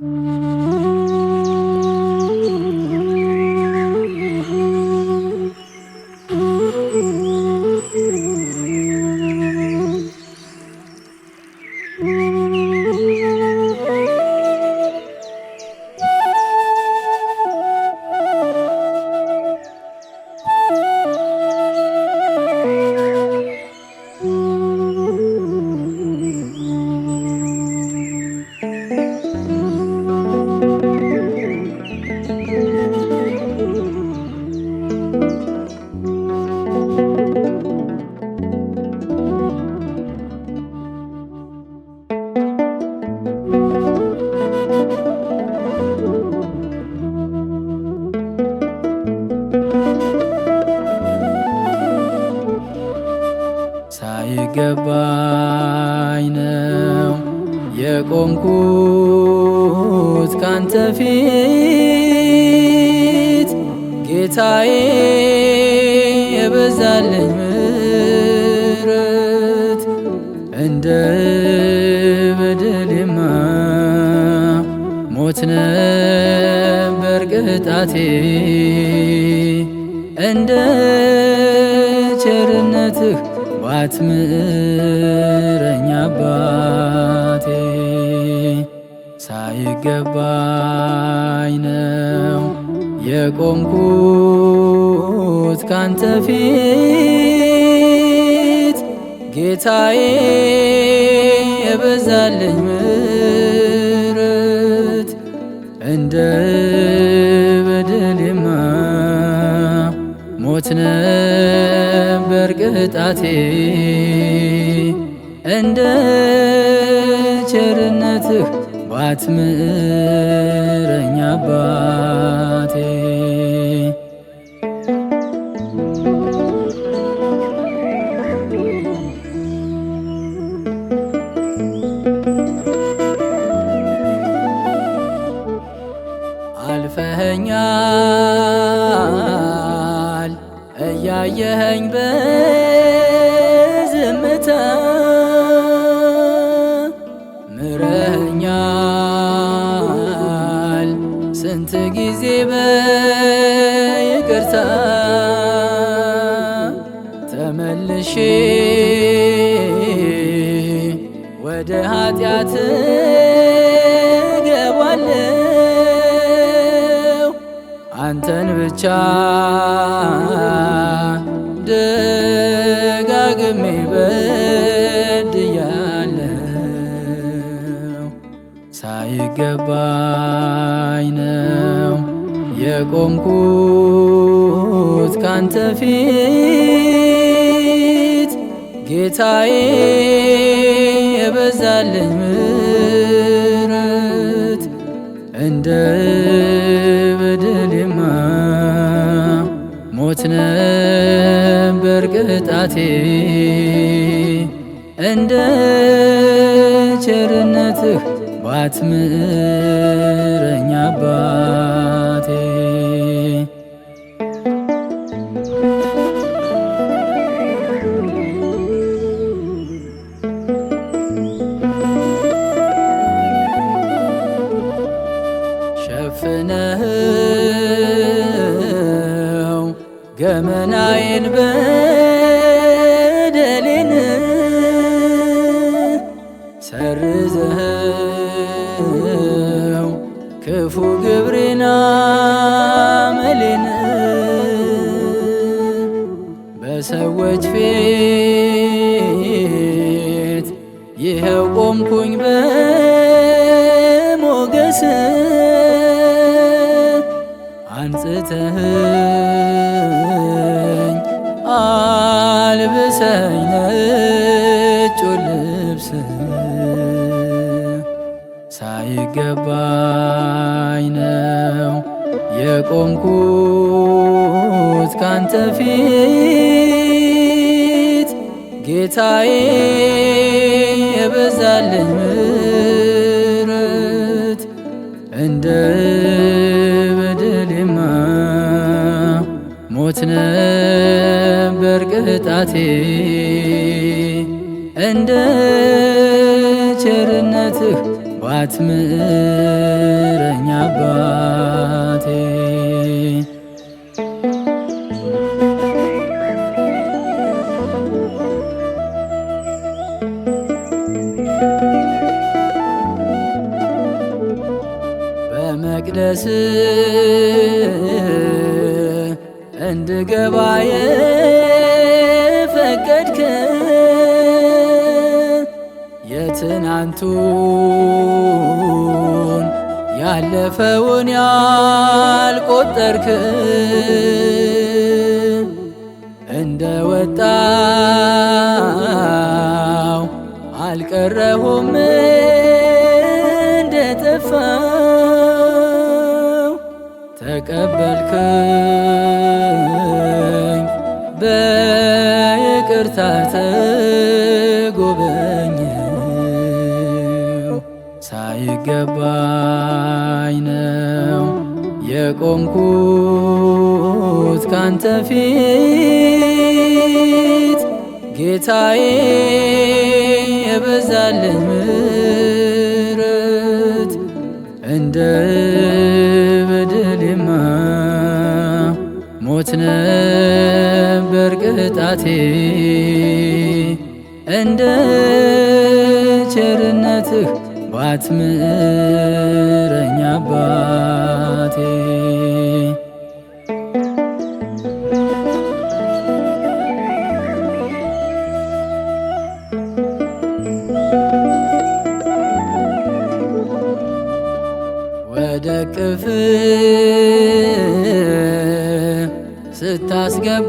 Mm-hmm. የሚገባኝ ነው የቆምኩት ካንተ ፊት ጌታዬ የበዛልኝ ምሕረት እንደ በደሌማ ሞት ነበር ቅጣቴ የሚገባኝ ነው የቆምኩት ካንተ ፊት ጌታዬ የበዛልኝ ምሕረት እንደ በደሌማ ሞት ነበር ቅጣቴ እንደ ቸርነትህ አትምረኝ አባቴ አልፈኸኛል እያየኸኝ በ ይቅርታ ተመልሼ ወደ ኃጢአት ገባለው አንተን ብቻ ደጋግሜ በድያለው ሳይገባኝ የቆምኩት ካንተ ፊት ጌታዬ የበዛልኝ ምሕረት እንደ በደሌማ ሞት ነበር ቅጣቴ እንደ ቸርነትህ ባትምረኛ አባ ምናዬን በደሌን ሰርዘኸው ክፉ ግብሬን አመሌን በሰዎች ፊት ይኸው ቆምኩኝ በሞገስ አንጽተህ የቆምኩት ካንተ ፊት ጌታዬ የበዛልኝ ምሕረት እንደ በደሌማ ሞት ነበር ቅጣቴ እንደ ቸርነትህ ባትምረኝ አባቴ ድረስ እንድገባ የፈቀድክ የትናንቱን ያለፈውን ያልቆጠርክ እንደ ወጣው አልቀረሁም እንደጠፋ ተቀበልከኝ በይቅርታ ተጎበኝ ሳይገባኝ ነው የቆምኩት ካንተ ፊት ጌታዬ የበዛልኝ ምሕረት እንደ ነበር ቅጣቴ እንደ ቸርነትህ ባትምረኝ አባ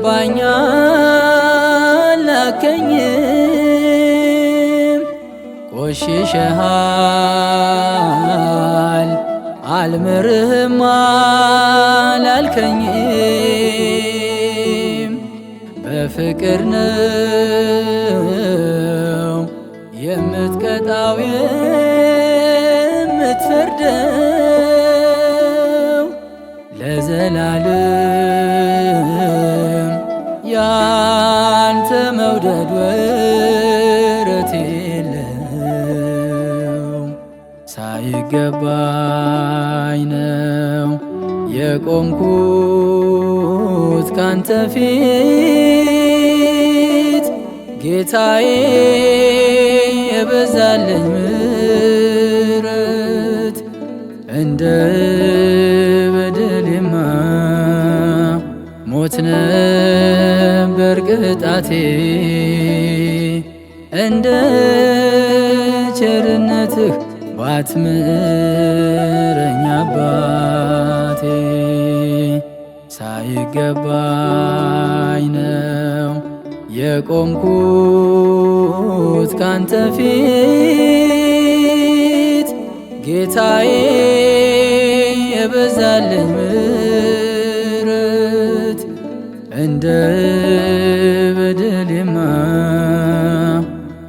ይገባኛል ላከኝም ቆሽሸሃል አልምርህም አላልከኝም በፍቅር ነው የምትቀጣው የምትፈርደው ለዘላለም መንገድ ወረት የለው ሳይገባኝ ነው የቆምኩት ካንተ ፊት ጌታዬ የበዛለኝ ምረት እንደ በደሌማ ሞት ነው ነበር ቅጣቴ እንደ ቸርነትህ ባትምረኝ አባቴ ሳይገባኝ ነው የቆምኩት ካንተ ፊት ጌታዬ የበዛልህ እንደ በደሌማ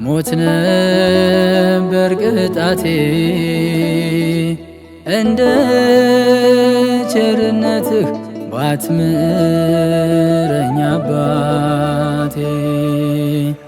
ሞት ነበር ቅጣቴ እንደ ቸርነትህ ባትምረኝ አባቴ